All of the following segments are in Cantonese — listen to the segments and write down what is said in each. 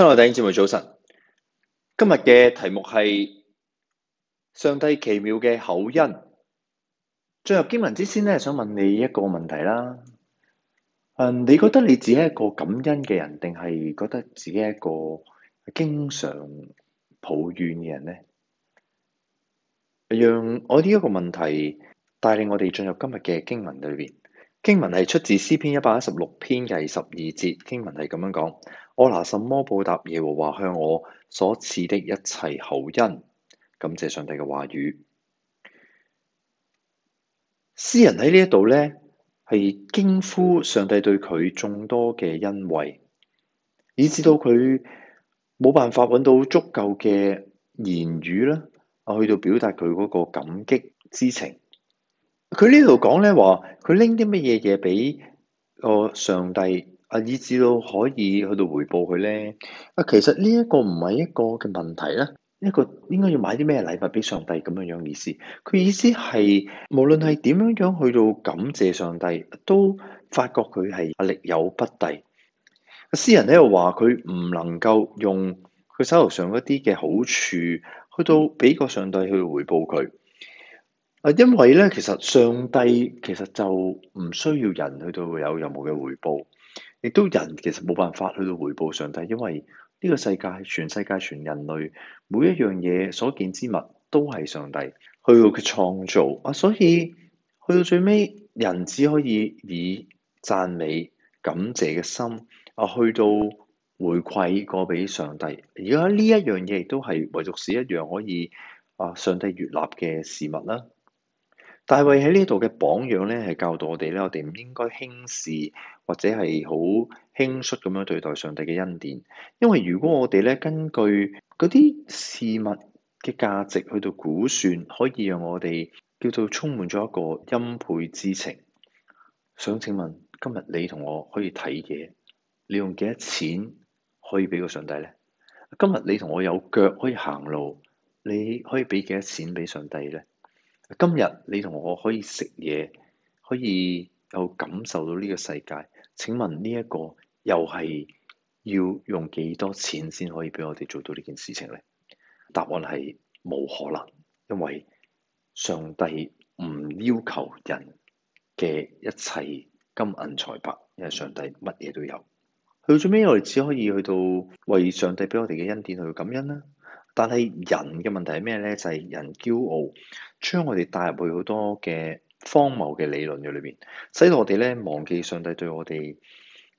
親愛的弟兄姊妹，早晨。今日嘅題目係「上帝奇妙嘅厚恩」。進入經文之先，咧，想問你一個問題啦。嗯，你覺得你自己係一個感恩嘅人，定係覺得自己係一個經常抱怨嘅人咧？讓我呢一個問題帶領我哋進入今日嘅經文裏邊。經文係出自詩篇一百一十六篇嘅十二節。經文係咁樣講。我拿什麼報答耶和華向我所賜的一切厚恩？感謝上帝嘅話語。詩人喺呢一度咧，係驚呼上帝對佢眾多嘅恩惠，以至到佢冇辦法揾到足夠嘅言語啦，去到表達佢嗰個感激之情。佢呢度講咧話，佢拎啲乜嘢嘢俾個上帝。啊！以至到可以去到回報佢咧啊，其實呢一個唔係一個嘅問題啦。一個應該要買啲咩禮物俾上帝咁樣樣意思。佢意思係無論係點樣樣去到感謝上帝，都發覺佢係力有不逮。詩人咧又話佢唔能夠用佢手頭上一啲嘅好處去到俾個上帝去回報佢啊，因為咧其實上帝其實就唔需要人去到有任何嘅回報。亦都人其實冇辦法去到回報上帝，因為呢個世界係全世界、全人類每一樣嘢所見之物都係上帝去到佢創造啊，所以去到最尾，人只可以以讚美感謝嘅心啊，去到回饋過俾上帝。而家呢一樣嘢亦都係唯獨是一樣可以啊，上帝悅納嘅事物啦。大衛喺呢度嘅榜樣咧，係教導我哋咧，我哋唔應該輕視或者係好輕率咁樣對待上帝嘅恩典。因為如果我哋咧根據嗰啲事物嘅價值去到估算，可以讓我哋叫做充滿咗一個欽佩之情。想請問今日你同我可以睇嘢，你用幾多錢可以俾個上帝咧？今日你同我有腳可以行路，你可以俾幾多錢俾上帝咧？今日你同我可以食嘢，可以有感受到呢個世界。請問呢一個又係要用幾多錢先可以俾我哋做到呢件事情咧？答案係冇可能，因為上帝唔要求人嘅一切金銀財帛，因為上帝乜嘢都有。去到最尾，我哋只可以去到為上帝俾我哋嘅恩典去感恩啦。但係人嘅問題係咩咧？就係、是、人驕傲。將我哋帶入去好多嘅荒謬嘅理論嘅裏邊，使到我哋咧忘記上帝對我哋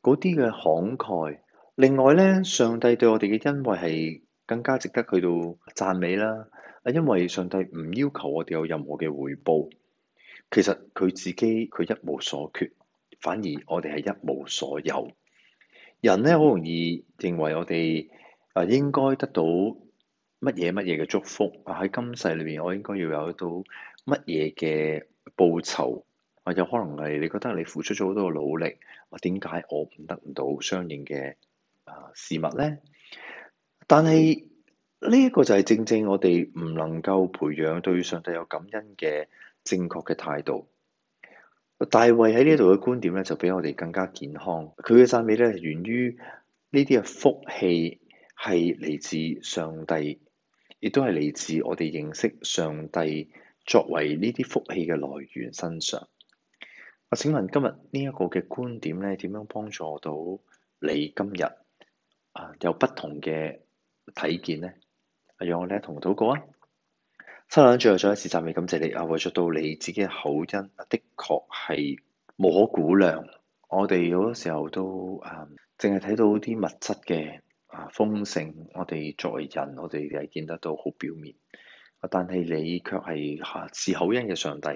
嗰啲嘅慷慨。另外咧，上帝對我哋嘅恩惠係更加值得去到讚美啦。啊，因為上帝唔要求我哋有任何嘅回報，其實佢自己佢一無所缺，反而我哋係一無所有。人咧好容易認為我哋啊應該得到。乜嘢乜嘢嘅祝福啊？喺今世裏面我應該要有到乜嘢嘅報酬啊？有可能係你覺得你付出咗好多嘅努力，我點解我唔得唔到相應嘅啊事物咧？但係呢一個就係正正我哋唔能夠培養對上帝有感恩嘅正確嘅態度。大衛喺呢度嘅觀點咧，就比我哋更加健康。佢嘅讚美咧，係源於呢啲嘅福氣係嚟自上帝。亦都係嚟自我哋認識上帝作為呢啲福氣嘅來源身上。啊，請問今日呢一個嘅觀點咧，點樣幫助到你今日啊有不同嘅體驗咧？啊，讓，我哋一同禱告啊！親愛、啊、嘅主，再一次讚美感謝你啊！為著到你自己嘅厚恩，的確係無可估量。我哋好多時候都啊，淨係睇到啲物質嘅。啊！豐盛，我哋在人，我哋係見得到好表面，啊、但係你卻係是、啊、似厚恩嘅上帝。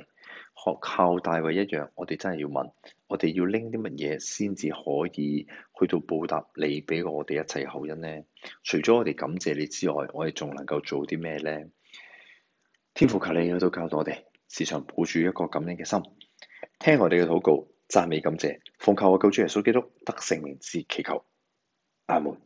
學靠大衛一樣，我哋真係要問，我哋要拎啲乜嘢先至可以去到報答你俾我哋一切嘅厚恩咧？除咗我哋感謝你之外，我哋仲能夠做啲咩呢？天父求你去到教導我哋，時常抱住一個感恩嘅心，聽我哋嘅禱告，讚美感謝，奉靠我救主耶穌基督得聖名之祈求。阿門。